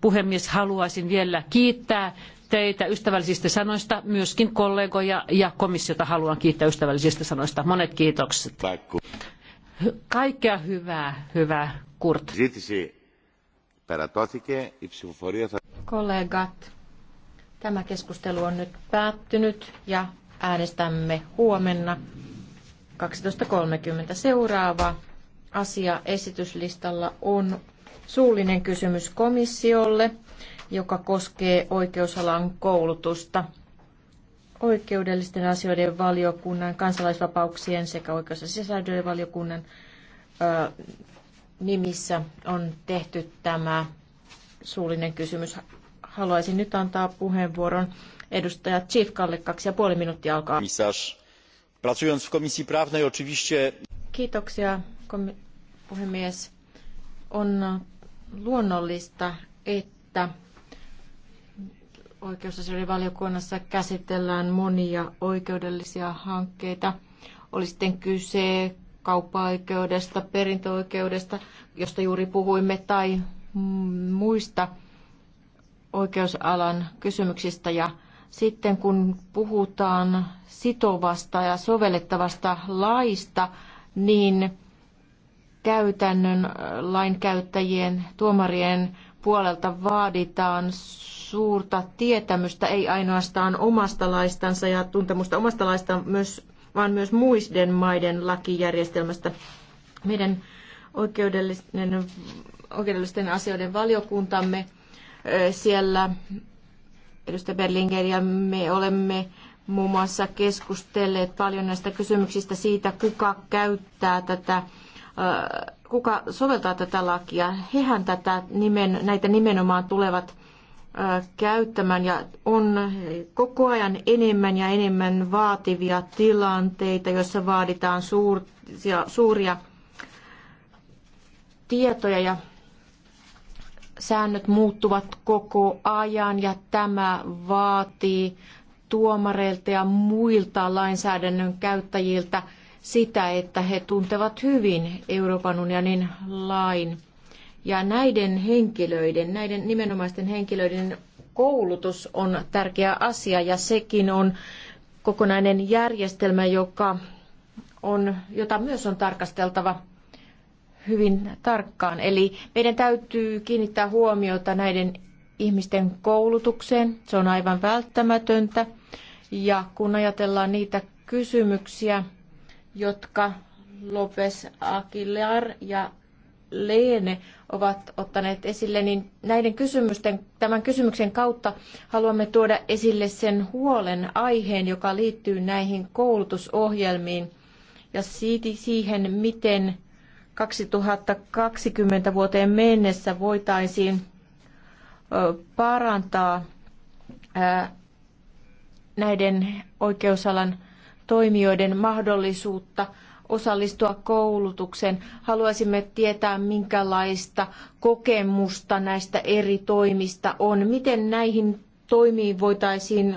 puhemies, haluaisin vielä kiittää teitä ystävällisistä sanoista, myöskin kollegoja ja komissiota haluan kiittää ystävällisistä sanoista. Monet kiitokset. Kaikkea hyvää, hyvää Kurt. Kollegat, tämä keskustelu on nyt päättynyt ja äänestämme huomenna 12.30. Seuraava asia esityslistalla on suullinen kysymys komissiolle, joka koskee oikeusalan koulutusta oikeudellisten asioiden valiokunnan, kansalaisvapauksien sekä oikeus- ja sisäisyyden valiokunnan ö, nimissä on tehty tämä suullinen kysymys. Haluaisin nyt antaa puheenvuoron edustaja Tsifkalle. Kaksi ja puoli minuuttia alkaa. Komisarz, pracując w komisji prawnej oczywiście... Kiitoksia, puhemies. On luonnollista, että oikeusasioiden valiokunnassa käsitellään monia oikeudellisia hankkeita. Oli sitten kyse kauppa-oikeudesta, perintöoikeudesta, josta juuri puhuimme, tai muista oikeusalan kysymyksistä. Ja sitten kun puhutaan sitovasta ja sovellettavasta laista, niin käytännön äh, lainkäyttäjien, tuomarien puolelta vaaditaan suurta tietämystä, ei ainoastaan omasta laistansa ja tuntemusta omasta laistaan, myös, vaan myös muiden maiden lakijärjestelmästä. Meidän oikeudellisten, oikeudellisten asioiden valiokuntamme äh, siellä, edustaja Berlinger ja me olemme muun muassa keskustelleet paljon näistä kysymyksistä siitä, kuka käyttää tätä Äh, kuka soveltaa tätä lakia. Hehän tätä nimen, näitä nimenomaan tulevat äh, käyttämään ja on koko ajan enemmän ja enemmän vaativia tilanteita, joissa vaaditaan suuria, suuria tietoja ja säännöt muuttuvat koko ajan ja tämä vaatii tuomareilta ja muilta lainsäädännön käyttäjiltä – sitä, että he tuntevat hyvin Euroopan unionin lain. Ja näiden henkilöiden, näiden nimenomaisten henkilöiden koulutus on tärkeä asia ja sekin on kokonainen järjestelmä, joka on, jota myös on tarkasteltava hyvin tarkkaan. Eli meidän täytyy kiinnittää huomiota näiden ihmisten koulutukseen. Se on aivan välttämätöntä. Ja kun ajatellaan niitä kysymyksiä, jotka Lopes Aguilar ja Leene ovat ottaneet esille, niin näiden kysymysten, tämän kysymyksen kautta haluamme tuoda esille sen huolen aiheen, joka liittyy näihin koulutusohjelmiin ja siihen, miten 2020 vuoteen mennessä voitaisiin parantaa näiden oikeusalan toimijoiden mahdollisuutta osallistua koulutukseen. Haluaisimme tietää, minkälaista kokemusta näistä eri toimista on. Miten näihin toimiin voitaisiin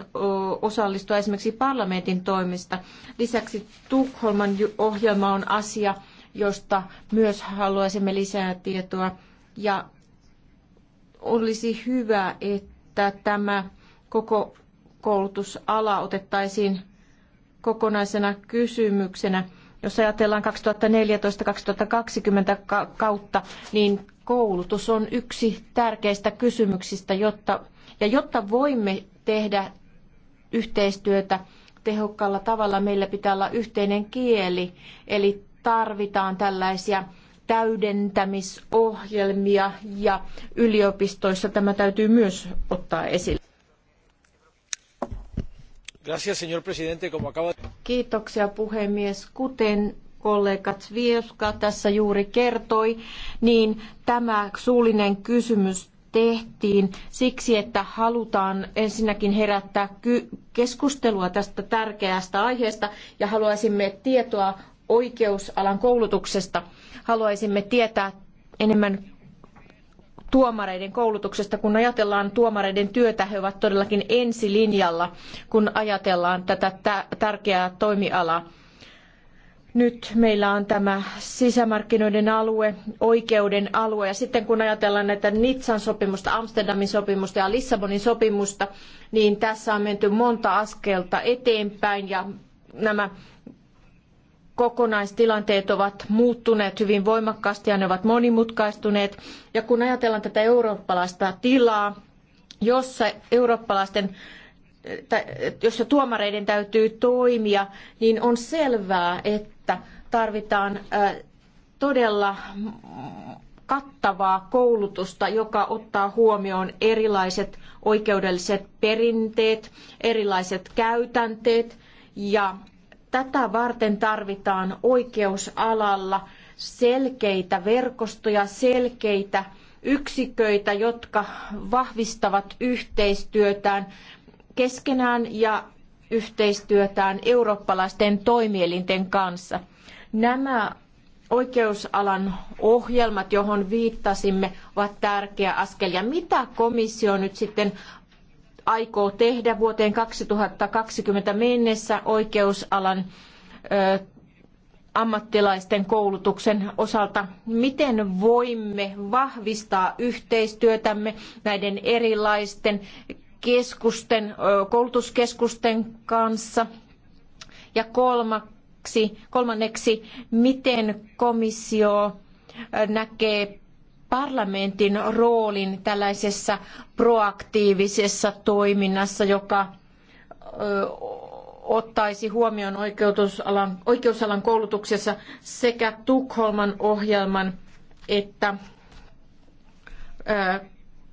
osallistua esimerkiksi parlamentin toimista. Lisäksi Tukholman ohjelma on asia, josta myös haluaisimme lisää tietoa. Ja olisi hyvä, että tämä koko koulutusala otettaisiin kokonaisena kysymyksenä. Jos ajatellaan 2014-2020 kautta, niin koulutus on yksi tärkeistä kysymyksistä, jotta, ja jotta voimme tehdä yhteistyötä tehokkaalla tavalla, meillä pitää olla yhteinen kieli, eli tarvitaan tällaisia täydentämisohjelmia ja yliopistoissa tämä täytyy myös ottaa esille. Kiitoksia puhemies. Kuten kollega Zvieska tässä juuri kertoi, niin tämä suullinen kysymys tehtiin siksi, että halutaan ensinnäkin herättää keskustelua tästä tärkeästä aiheesta ja haluaisimme tietoa oikeusalan koulutuksesta. Haluaisimme tietää enemmän tuomareiden koulutuksesta. Kun ajatellaan tuomareiden työtä, he ovat todellakin ensilinjalla, kun ajatellaan tätä tärkeää toimialaa. Nyt meillä on tämä sisämarkkinoiden alue, oikeuden alue ja sitten kun ajatellaan näitä Nitsan sopimusta, Amsterdamin sopimusta ja Lissabonin sopimusta, niin tässä on menty monta askelta eteenpäin ja nämä kokonaistilanteet ovat muuttuneet hyvin voimakkaasti ja ne ovat monimutkaistuneet. Ja kun ajatellaan tätä eurooppalaista tilaa, jossa eurooppalaisten jossa tuomareiden täytyy toimia, niin on selvää, että tarvitaan todella kattavaa koulutusta, joka ottaa huomioon erilaiset oikeudelliset perinteet, erilaiset käytänteet ja Tätä varten tarvitaan oikeusalalla selkeitä verkostoja, selkeitä yksiköitä, jotka vahvistavat yhteistyötään keskenään ja yhteistyötään eurooppalaisten toimielinten kanssa. Nämä oikeusalan ohjelmat, johon viittasimme, ovat tärkeä askel. Ja mitä komissio nyt sitten aikoo tehdä vuoteen 2020 mennessä oikeusalan ammattilaisten koulutuksen osalta, miten voimme vahvistaa yhteistyötämme näiden erilaisten keskusten, koulutuskeskusten kanssa. Ja kolmaksi, kolmanneksi, miten komissio näkee parlamentin roolin tällaisessa proaktiivisessa toiminnassa, joka ottaisi huomioon oikeusalan, oikeusalan koulutuksessa sekä Tukholman ohjelman että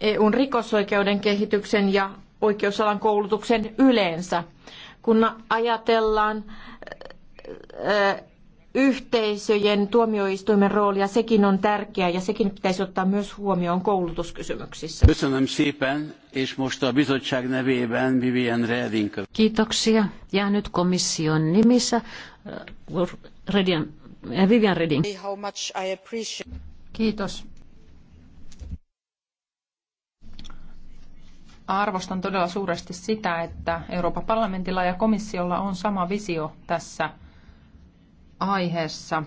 EUn rikosoikeuden kehityksen ja oikeusalan koulutuksen yleensä. Kun ajatellaan yhteisöjen tuomioistuimen roolia, sekin on tärkeää ja sekin pitäisi ottaa myös huomioon koulutuskysymyksissä. Kiitoksia. Ja nyt komission nimissä äh, äh, Vivian Reding. Kiitos. Arvostan todella suuresti sitä, että Euroopan parlamentilla ja komissiolla on sama visio tässä – aiheessa.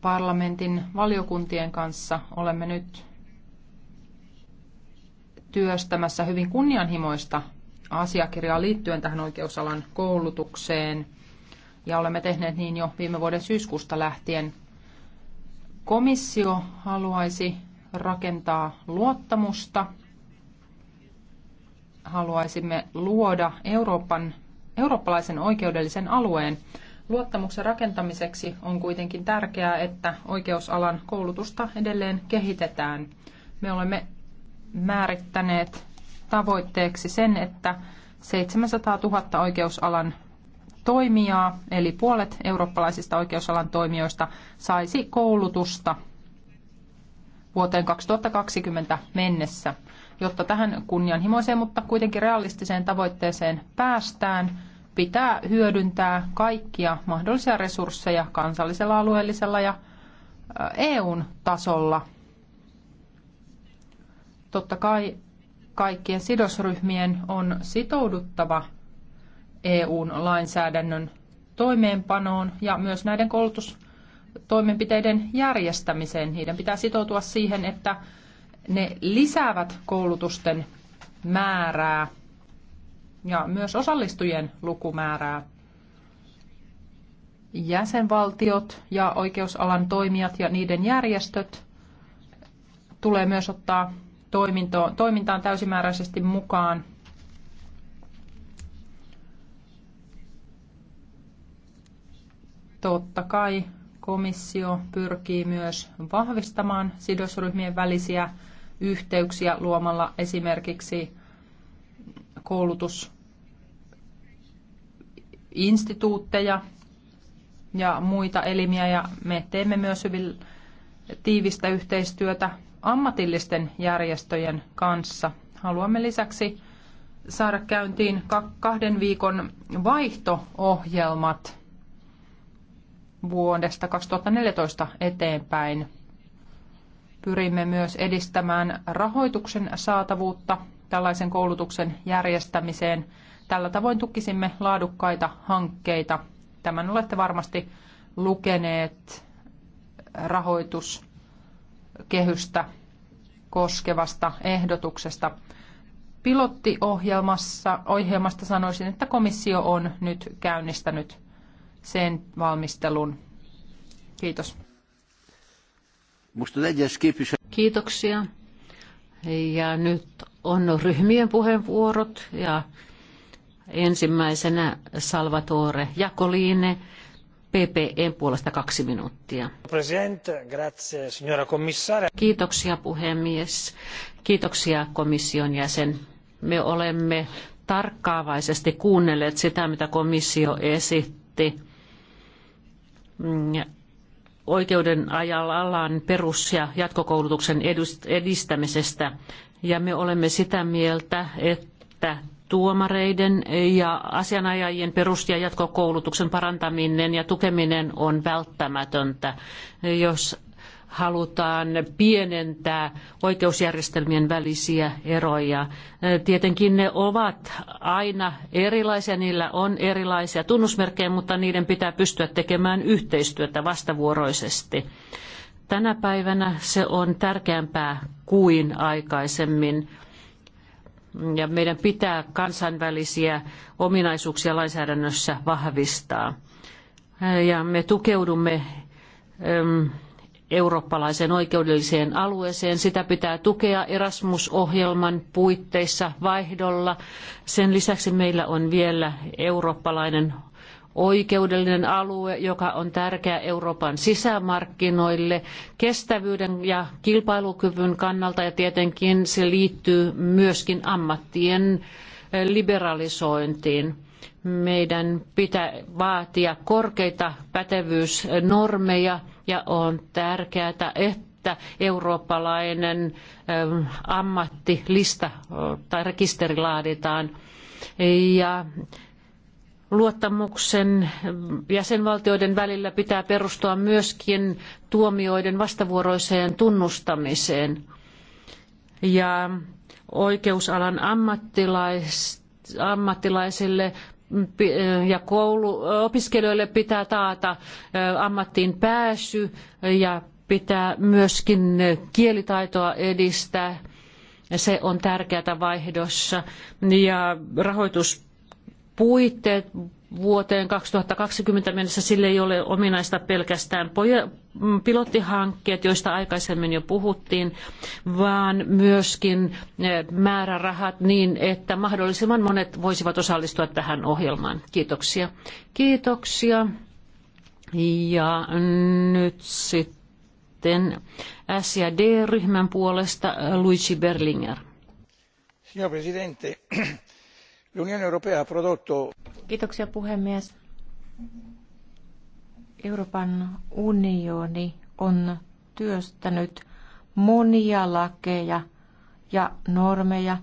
Parlamentin valiokuntien kanssa olemme nyt työstämässä hyvin kunnianhimoista asiakirjaa liittyen tähän oikeusalan koulutukseen. Ja olemme tehneet niin jo viime vuoden syyskuusta lähtien. Komissio haluaisi rakentaa luottamusta. Haluaisimme luoda Euroopan, eurooppalaisen oikeudellisen alueen, Luottamuksen rakentamiseksi on kuitenkin tärkeää, että oikeusalan koulutusta edelleen kehitetään. Me olemme määrittäneet tavoitteeksi sen, että 700 000 oikeusalan toimijaa, eli puolet eurooppalaisista oikeusalan toimijoista, saisi koulutusta vuoteen 2020 mennessä. Jotta tähän kunnianhimoiseen, mutta kuitenkin realistiseen tavoitteeseen päästään, pitää hyödyntää kaikkia mahdollisia resursseja kansallisella, alueellisella ja EUn tasolla. Totta kai kaikkien sidosryhmien on sitouduttava EUn lainsäädännön toimeenpanoon ja myös näiden koulutustoimenpiteiden järjestämiseen. Niiden pitää sitoutua siihen, että ne lisäävät koulutusten määrää ja myös osallistujien lukumäärää. Jäsenvaltiot ja oikeusalan toimijat ja niiden järjestöt tulee myös ottaa toimintaan täysimääräisesti mukaan. Totta kai komissio pyrkii myös vahvistamaan sidosryhmien välisiä yhteyksiä luomalla esimerkiksi koulutusinstituutteja ja muita elimiä ja me teemme myös hyvin tiivistä yhteistyötä ammatillisten järjestöjen kanssa. Haluamme lisäksi saada käyntiin kahden viikon vaihtoohjelmat vuodesta 2014 eteenpäin. Pyrimme myös edistämään rahoituksen saatavuutta tällaisen koulutuksen järjestämiseen. Tällä tavoin tukisimme laadukkaita hankkeita. Tämän olette varmasti lukeneet rahoituskehystä koskevasta ehdotuksesta. Pilottiohjelmassa ohjelmasta sanoisin, että komissio on nyt käynnistänyt sen valmistelun. Kiitos. Kiitoksia. Ja nyt on ryhmien puheenvuorot ja ensimmäisenä Salvatore Jakoline PPEn puolesta kaksi minuuttia. Grazie, Kiitoksia puhemies. Kiitoksia komission jäsen. Me olemme tarkkaavaisesti kuunnelleet sitä, mitä komissio esitti mm, oikeuden alan perus- ja jatkokoulutuksen edistämisestä. Ja me olemme sitä mieltä, että tuomareiden ja asianajajien perus- ja jatkokoulutuksen parantaminen ja tukeminen on välttämätöntä. Jos halutaan pienentää oikeusjärjestelmien välisiä eroja. Tietenkin ne ovat aina erilaisia, niillä on erilaisia tunnusmerkkejä, mutta niiden pitää pystyä tekemään yhteistyötä vastavuoroisesti. Tänä päivänä se on tärkeämpää kuin aikaisemmin ja meidän pitää kansainvälisiä ominaisuuksia lainsäädännössä vahvistaa. Ja me tukeudumme eurooppalaiseen oikeudelliseen alueeseen. Sitä pitää tukea Erasmus-ohjelman puitteissa vaihdolla. Sen lisäksi meillä on vielä eurooppalainen oikeudellinen alue, joka on tärkeä Euroopan sisämarkkinoille kestävyyden ja kilpailukyvyn kannalta ja tietenkin se liittyy myöskin ammattien eh, liberalisointiin. Meidän pitää vaatia korkeita pätevyysnormeja ja on tärkeää, että eurooppalainen ähm, ammattilista äh, tai rekisteri laaditaan. Ja luottamuksen äh, jäsenvaltioiden välillä pitää perustua myöskin tuomioiden vastavuoroiseen tunnustamiseen. Ja oikeusalan ammattilaisille Äh, ja koulu, äh, opiskelijoille pitää taata äh, ammattiin pääsy ja pitää myöskin kielitaitoa edistää. Se on tärkeää vaihdossa. Ja rahoituspuitteet Vuoteen 2020 mennessä sille ei ole ominaista pelkästään mm, pilottihankkeet, joista aikaisemmin jo puhuttiin, vaan myöskin eh, määrärahat niin, että mahdollisimman monet voisivat osallistua tähän ohjelmaan. Kiitoksia. Kiitoksia. Ja nyt sitten S- ja D-ryhmän puolesta Luigi Berlinger. Signor Presidente, L'Unione Europea ha prodotto... Kiitoksia puhemies. Euroopan unioni on työstänyt monia lakeja ja normeja,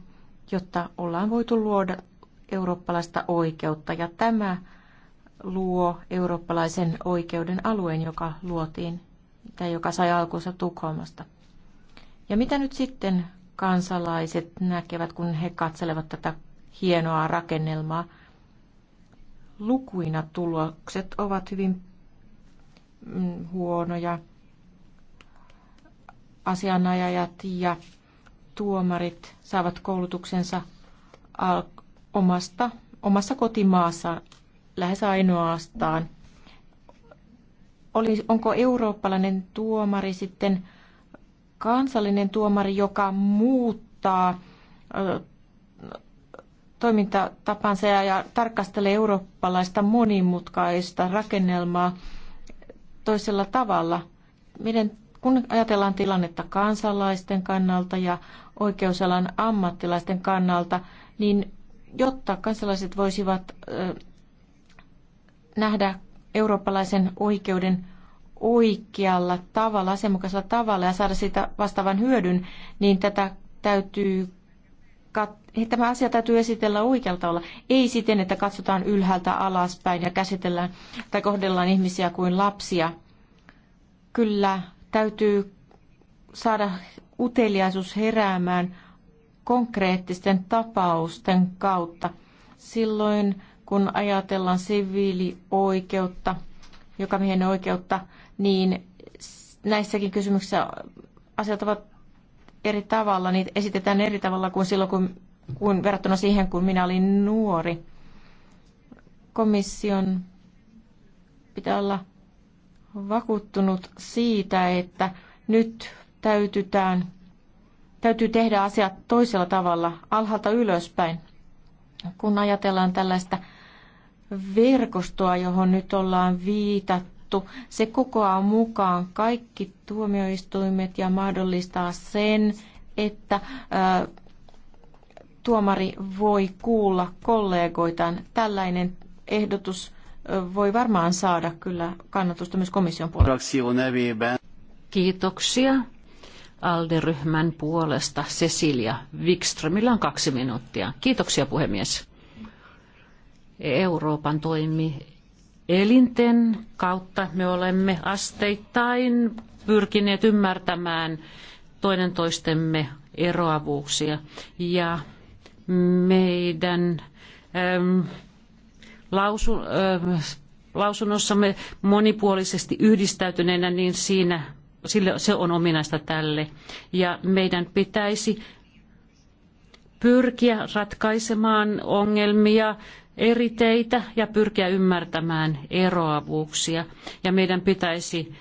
jotta ollaan voitu luoda eurooppalaista oikeutta. Ja tämä luo eurooppalaisen oikeuden alueen, joka luotiin tai joka sai alkunsa Tukholmasta. Ja mitä nyt sitten kansalaiset näkevät, kun he katselevat tätä hienoa rakennelmaa. Lukuina tulokset ovat hyvin mm, huonoja. Asianajajat ja tuomarit saavat koulutuksensa omasta, omassa kotimaassa lähes ainoastaan. Oli, onko eurooppalainen tuomari sitten kansallinen tuomari, joka muuttaa toimintatapansa ja tarkastelee eurooppalaista monimutkaista rakennelmaa toisella tavalla. Miten, kun ajatellaan tilannetta kansalaisten kannalta ja oikeusalan ammattilaisten kannalta, niin jotta kansalaiset voisivat nähdä eurooppalaisen oikeuden oikealla tavalla, asianmukaisella tavalla ja saada siitä vastaavan hyödyn, niin tätä täytyy tämä asia täytyy esitellä oikealta olla. Ei siten, että katsotaan ylhäältä alaspäin ja käsitellään tai kohdellaan ihmisiä kuin lapsia. Kyllä täytyy saada uteliaisuus heräämään konkreettisten tapausten kautta. Silloin kun ajatellaan siviilioikeutta, mihin oikeutta, niin näissäkin kysymyksissä asiat ovat eri tavalla, niitä esitetään eri tavalla kuin silloin, kun, kun verrattuna siihen, kun minä olin nuori. Komission pitää olla vakuuttunut siitä, että nyt täytytään, täytyy tehdä asiat toisella tavalla, alhaalta ylöspäin. Kun ajatellaan tällaista verkostoa, johon nyt ollaan viitattu, sanottu, se kokoaa mukaan kaikki tuomioistuimet ja mahdollistaa sen, että tuomari voi kuulla kollegoitaan. Tällainen ehdotus voi varmaan saada kyllä kannatusta myös komission puolella. Kiitoksia. ALDE-ryhmän puolesta Cecilia Wikströmillä on kaksi minuuttia. Kiitoksia puhemies. Euroopan toimi elinten kautta me olemme asteittain pyrkineet ymmärtämään toinen toistemme eroavuuksia ja meidän äm, lausu, äm, äh, lausunnossamme monipuolisesti yhdistäytyneenä, niin siinä sille, se on ominaista tälle. Ja meidän pitäisi pyrkiä ratkaisemaan ongelmia eri teitä ja pyrkiä ymmärtämään eroavuuksia. Ja meidän pitäisi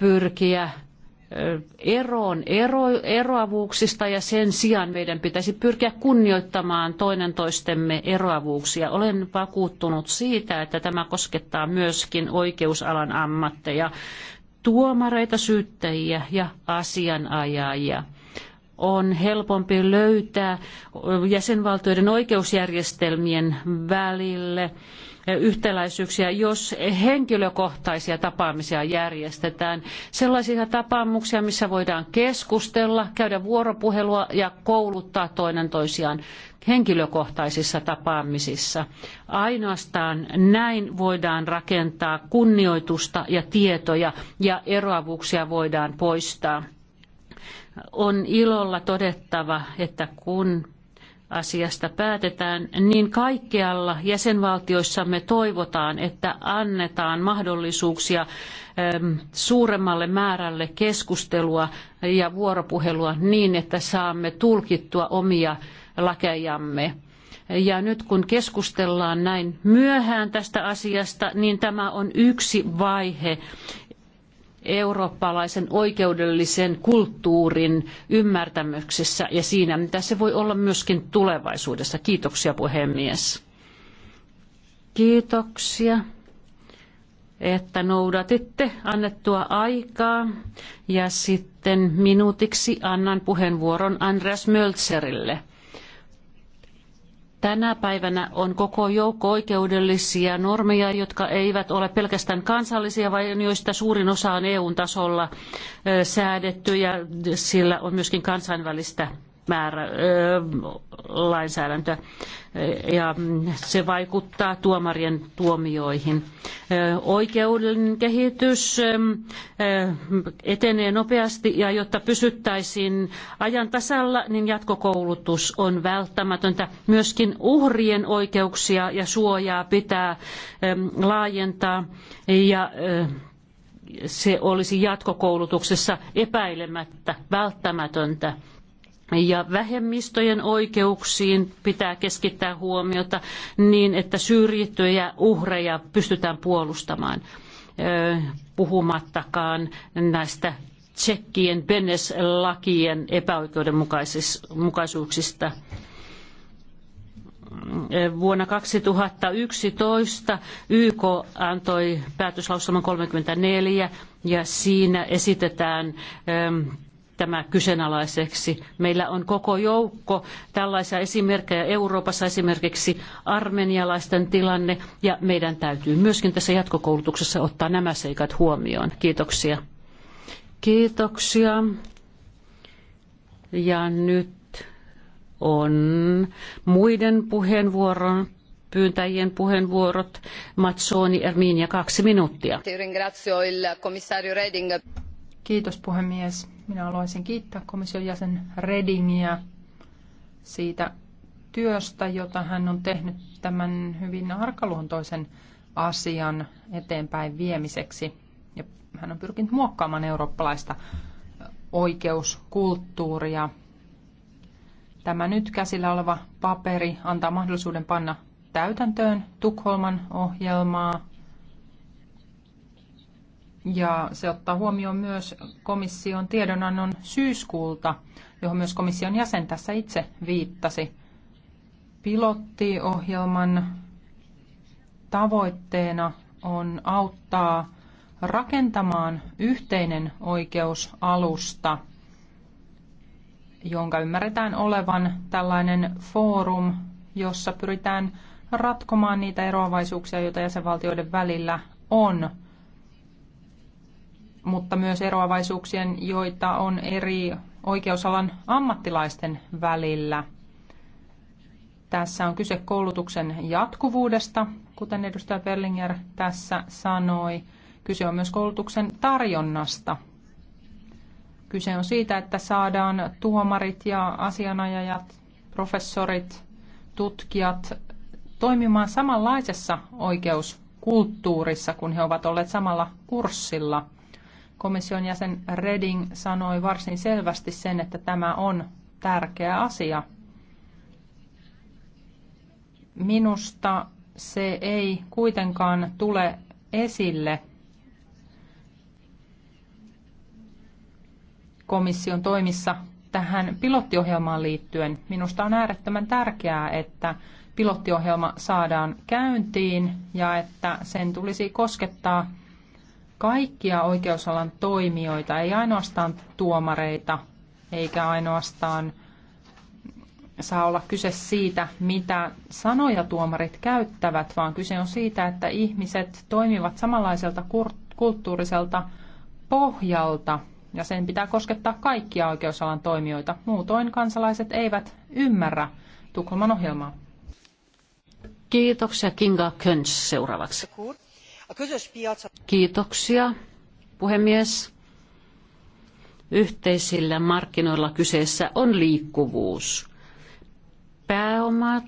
pyrkiä eroon ero, eroavuuksista ja sen sijaan meidän pitäisi pyrkiä kunnioittamaan toinen toistemme eroavuuksia. Olen vakuuttunut siitä, että tämä koskettaa myöskin oikeusalan ammatteja, tuomareita, syyttäjiä ja asianajajia on helpompi löytää jäsenvaltioiden oikeusjärjestelmien välille yhtäläisyyksiä, jos henkilökohtaisia tapaamisia järjestetään. Sellaisia tapaamuksia, missä voidaan keskustella, käydä vuoropuhelua ja kouluttaa toinen toisiaan henkilökohtaisissa tapaamisissa. Ainoastaan näin voidaan rakentaa kunnioitusta ja tietoja ja eroavuuksia voidaan poistaa on ilolla todettava, että kun asiasta päätetään, niin kaikkialla jäsenvaltioissamme toivotaan, että annetaan mahdollisuuksia ähm, suuremmalle määrälle keskustelua ja vuoropuhelua niin, että saamme tulkittua omia lakejamme. Ja nyt kun keskustellaan näin myöhään tästä asiasta, niin tämä on yksi vaihe eurooppalaisen oikeudellisen kulttuurin ymmärtämyksessä ja siinä, mitä se voi olla myöskin tulevaisuudessa. Kiitoksia puhemies. Kiitoksia, että noudatitte annettua aikaa. Ja sitten minuutiksi annan puheenvuoron Andreas Möltserille. Tänä päivänä on koko joukko oikeudellisia normeja, jotka eivät ole pelkästään kansallisia, vaan joista suurin osa on EU-tasolla säädetty ja sillä on myöskin kansainvälistä määrä, ö, lainsäädäntö ja se vaikuttaa tuomarien tuomioihin. Oikeuden kehitys etenee nopeasti ja jotta pysyttäisiin ajan tasalla, niin jatkokoulutus on välttämätöntä. Myöskin uhrien oikeuksia ja suojaa pitää laajentaa ja se olisi jatkokoulutuksessa epäilemättä välttämätöntä ja vähemmistöjen oikeuksiin pitää keskittää huomiota niin, että syrjittyjä uhreja pystytään puolustamaan puhumattakaan näistä tsekkien Benes-lakien epäoikeudenmukaisuuksista. Vuonna 2011 YK antoi päätöslauselman 34 ja siinä esitetään tämä kyseenalaiseksi. Meillä on koko joukko tällaisia esimerkkejä Euroopassa, esimerkiksi armenialaisten tilanne, ja meidän täytyy myöskin tässä jatkokoulutuksessa ottaa nämä seikat huomioon. Kiitoksia. Kiitoksia. Ja nyt on muiden puheenvuoron pyyntäjien puheenvuorot. Mazzoni, Erminia, kaksi minuuttia. Kiitos puhemies. Minä haluaisin kiittää komission jäsen Redingiä siitä työstä, jota hän on tehnyt tämän hyvin arkaluontoisen asian eteenpäin viemiseksi. Ja hän on pyrkinyt muokkaamaan eurooppalaista oikeuskulttuuria. Tämä nyt käsillä oleva paperi antaa mahdollisuuden panna täytäntöön Tukholman ohjelmaa, ja se ottaa huomioon myös komission tiedonannon syyskuulta, johon myös komission jäsen tässä itse viittasi. Pilottiohjelman tavoitteena on auttaa rakentamaan yhteinen oikeusalusta, jonka ymmärretään olevan tällainen foorum, jossa pyritään ratkomaan niitä eroavaisuuksia, joita jäsenvaltioiden välillä on – mutta myös eroavaisuuksien, joita on eri oikeusalan ammattilaisten välillä. Tässä on kyse koulutuksen jatkuvuudesta, kuten edustaja Berlinger tässä sanoi. Kyse on myös koulutuksen tarjonnasta. Kyse on siitä, että saadaan tuomarit ja asianajajat, professorit, tutkijat toimimaan samanlaisessa oikeuskulttuurissa, kun he ovat olleet samalla kurssilla – komission jäsen Reding sanoi varsin selvästi sen, että tämä on tärkeä asia. Minusta se ei kuitenkaan tule esille komission toimissa tähän pilottiohjelmaan liittyen. Minusta on äärettömän tärkeää, että pilottiohjelma saadaan käyntiin ja että sen tulisi koskettaa kaikkia oikeusalan toimijoita, ei ainoastaan tuomareita, eikä ainoastaan saa olla kyse siitä, mitä sanoja tuomarit käyttävät, vaan kyse on siitä, että ihmiset toimivat samanlaiselta kulttuuriselta pohjalta, ja sen pitää koskettaa kaikkia oikeusalan toimijoita. Muutoin kansalaiset eivät ymmärrä Tukholman ohjelmaa. Kiitoksia Kinga Köns seuraavaksi. Kiitoksia, puhemies. Yhteisillä markkinoilla kyseessä on liikkuvuus. Pääomat,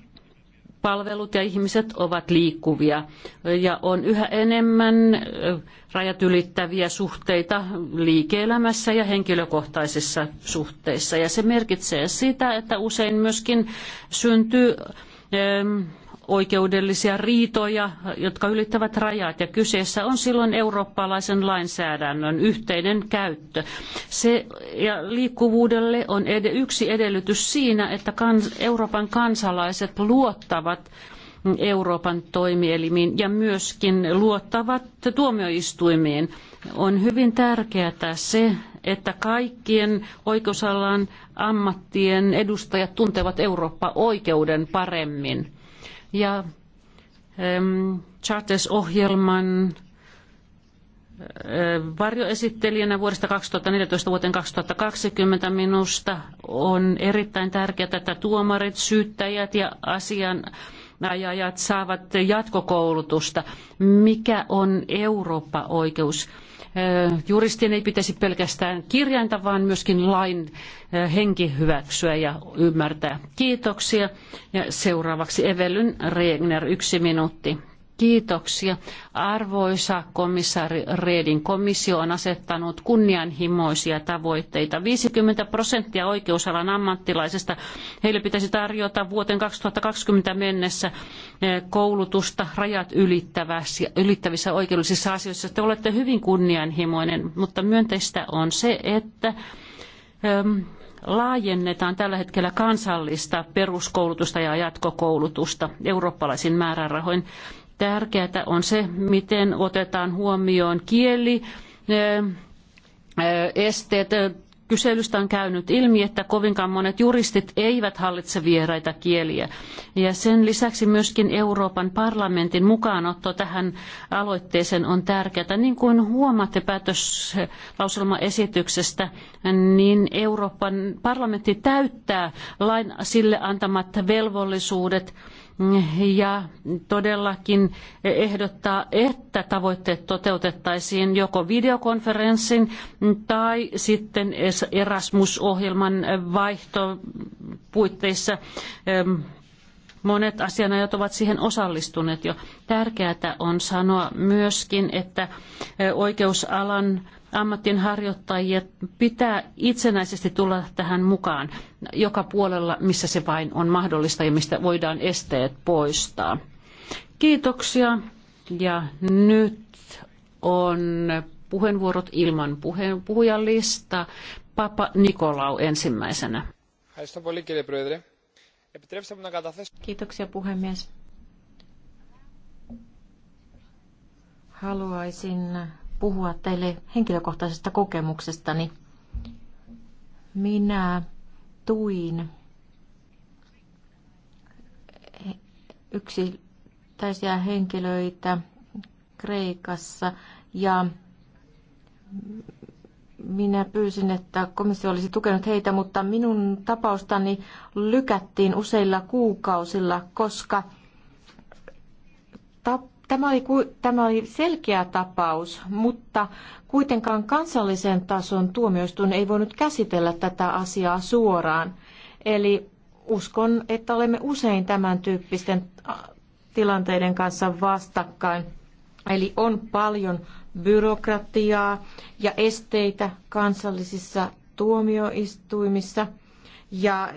palvelut ja ihmiset ovat liikkuvia ja on yhä enemmän rajat ylittäviä suhteita liike-elämässä ja henkilökohtaisissa suhteissa. Ja se merkitsee sitä, että usein myöskin syntyy oikeudellisia riitoja, jotka ylittävät rajat, ja kyseessä on silloin eurooppalaisen lainsäädännön yhteinen käyttö. Se, ja liikkuvuudelle on ed yksi edellytys siinä, että kans Euroopan kansalaiset luottavat Euroopan toimielimiin ja myöskin luottavat tuomioistuimiin. On hyvin tärkeää se, että kaikkien oikeusalan ammattien edustajat tuntevat Eurooppa oikeuden paremmin ja ähm, Charters-ohjelman äh, varjoesittelijänä vuodesta 2014 vuoteen 2020 minusta on erittäin tärkeää, että tuomarit, syyttäjät ja asianajajat saavat jatkokoulutusta. Mikä on Eurooppa-oikeus? Juristien ei pitäisi pelkästään kirjainta, vaan myöskin lain henki hyväksyä ja ymmärtää. Kiitoksia. Ja seuraavaksi Evelyn Regner, yksi minuutti. Kiitoksia. Arvoisa komissaari Redin, komissio on asettanut kunnianhimoisia tavoitteita. 50 prosenttia oikeusalan ammattilaisista, heille pitäisi tarjota vuoteen 2020 mennessä eh, koulutusta rajat ylittävissä oikeudellisissa asioissa. Te olette hyvin kunnianhimoinen, mutta myönteistä on se, että ehm, laajennetaan tällä hetkellä kansallista peruskoulutusta ja jatkokoulutusta eurooppalaisin määrärahoin. Tärkeää on se, miten otetaan huomioon kieli, eh, eh, esteet. Eh, kyselystä on käynyt ilmi, että kovinkaan monet juristit eivät hallitse vieraita kieliä. Ja sen lisäksi myöskin Euroopan parlamentin mukaanotto tähän aloitteeseen on tärkeää. Niin kuin huomaatte päätöslauselmaesityksestä, niin Euroopan parlamentti täyttää lain sille antamat velvollisuudet – ja todellakin ehdottaa, että tavoitteet toteutettaisiin joko videokonferenssin tai sitten Erasmus-ohjelman vaihtopuitteissa. Monet asianajat ovat siihen osallistuneet jo. Tärkeää on sanoa myöskin, että oikeusalan ammattien harjoittajia pitää itsenäisesti tulla tähän mukaan joka puolella, missä se vain on mahdollista ja mistä voidaan esteet poistaa. Kiitoksia ja nyt on puheenvuorot ilman puheen, puhujalista. Papa Nikolau ensimmäisenä. Kiitoksia puhemies. Haluaisin puhua teille henkilökohtaisesta kokemuksestani. Minä tuin yksittäisiä henkilöitä Kreikassa ja minä pyysin, että komissio olisi tukenut heitä, mutta minun tapaustani lykättiin useilla kuukausilla, koska Tämä oli, tämä oli selkeä tapaus, mutta kuitenkaan kansallisen tason tuomioistuin ei voinut käsitellä tätä asiaa suoraan. Eli uskon, että olemme usein tämän tyyppisten tilanteiden kanssa vastakkain. Eli on paljon byrokratiaa ja esteitä kansallisissa tuomioistuimissa. Ja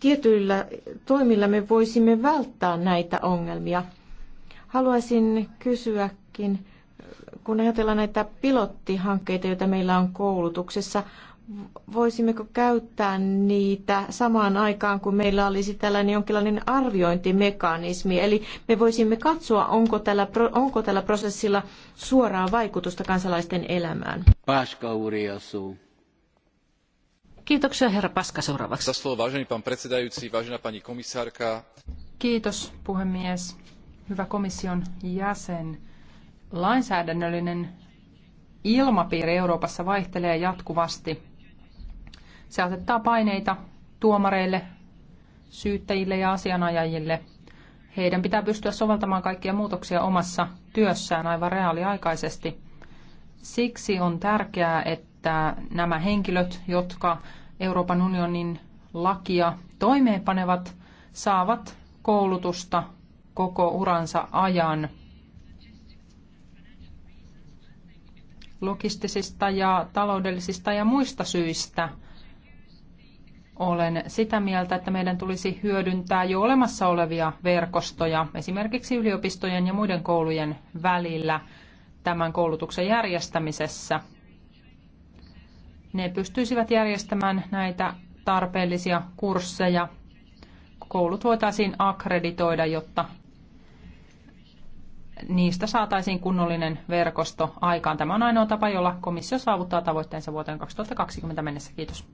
tietyillä toimilla me voisimme välttää näitä ongelmia. Haluaisin kysyäkin, kun ajatellaan näitä pilottihankkeita, joita meillä on koulutuksessa, voisimmeko käyttää niitä samaan aikaan, kun meillä olisi tällainen jonkinlainen arviointimekanismi. Eli me voisimme katsoa, onko tällä, onko tällä prosessilla suoraa vaikutusta kansalaisten elämään. Paska uriasuu. Kiitoksia herra Paska seuraavaksi. Kiitos puhemies. Hyvä komission jäsen, lainsäädännöllinen ilmapiiri Euroopassa vaihtelee jatkuvasti. Se asettaa paineita tuomareille, syyttäjille ja asianajajille. Heidän pitää pystyä soveltamaan kaikkia muutoksia omassa työssään aivan reaaliaikaisesti. Siksi on tärkeää, että nämä henkilöt, jotka Euroopan unionin lakia toimeenpanevat, saavat koulutusta koko uransa ajan. Logistisista ja taloudellisista ja muista syistä olen sitä mieltä, että meidän tulisi hyödyntää jo olemassa olevia verkostoja esimerkiksi yliopistojen ja muiden koulujen välillä tämän koulutuksen järjestämisessä. Ne pystyisivät järjestämään näitä tarpeellisia kursseja. Koulut voitaisiin akkreditoida, jotta niistä saataisiin kunnollinen verkosto aikaan. Tämä on ainoa tapa, jolla komissio saavuttaa tavoitteensa vuoteen 2020 mennessä. Kiitos.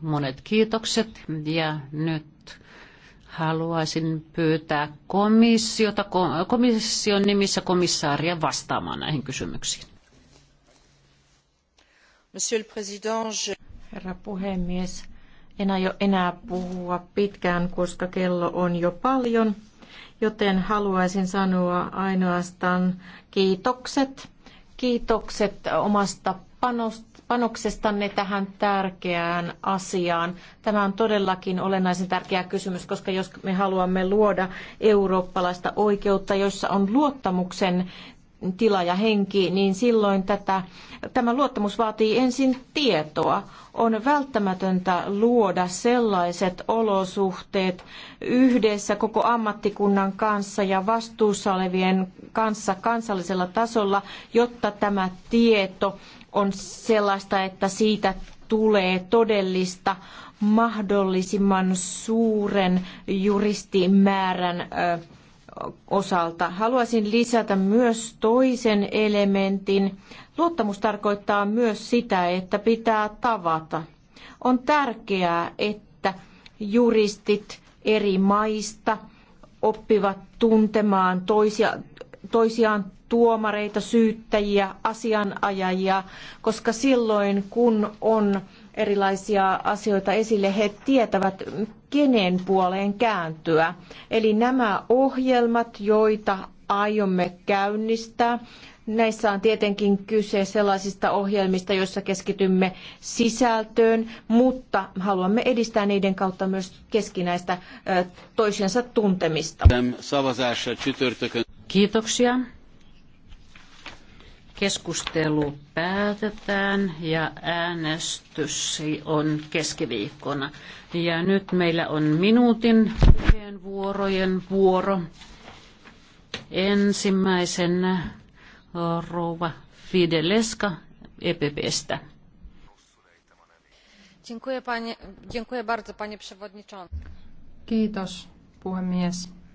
Monet kiitokset ja nyt haluaisin pyytää komissiota, komission nimissä komissaaria vastaamaan näihin kysymyksiin. Herra puhemies, en aio enää puhua pitkään, koska kello on jo paljon joten haluaisin sanoa ainoastaan kiitokset. Kiitokset omasta panoksestanne tähän tärkeään asiaan. Tämä on todellakin olennaisen tärkeä kysymys, koska jos me haluamme luoda eurooppalaista oikeutta, jossa on luottamuksen tila ja henki, niin silloin tätä, tämä luottamus vaatii ensin tietoa. On välttämätöntä luoda sellaiset olosuhteet yhdessä koko ammattikunnan kanssa ja vastuussa olevien kanssa kansallisella tasolla, jotta tämä tieto on sellaista, että siitä tulee todellista mahdollisimman suuren juristimäärän osalta. Haluaisin lisätä myös toisen elementin. Luottamus tarkoittaa myös sitä, että pitää tavata. On tärkeää, että juristit eri maista oppivat tuntemaan toisia, toisiaan tuomareita, syyttäjiä, asianajajia, koska silloin kun on erilaisia asioita esille, he tietävät, kenen puoleen kääntyä. Eli nämä ohjelmat, joita aiomme käynnistää, Näissä on tietenkin kyse sellaisista ohjelmista, joissa keskitymme sisältöön, mutta haluamme edistää niiden kautta myös keskinäistä toisensa tuntemista. Kiitoksia. Keskustelu päätetään ja äänestys on keskiviikkona. Ja nyt meillä on minuutin puheenvuorojen vuoro. Ensimmäisenä äh, rouva Fideleska EPPstä. Kiitos, puhemies.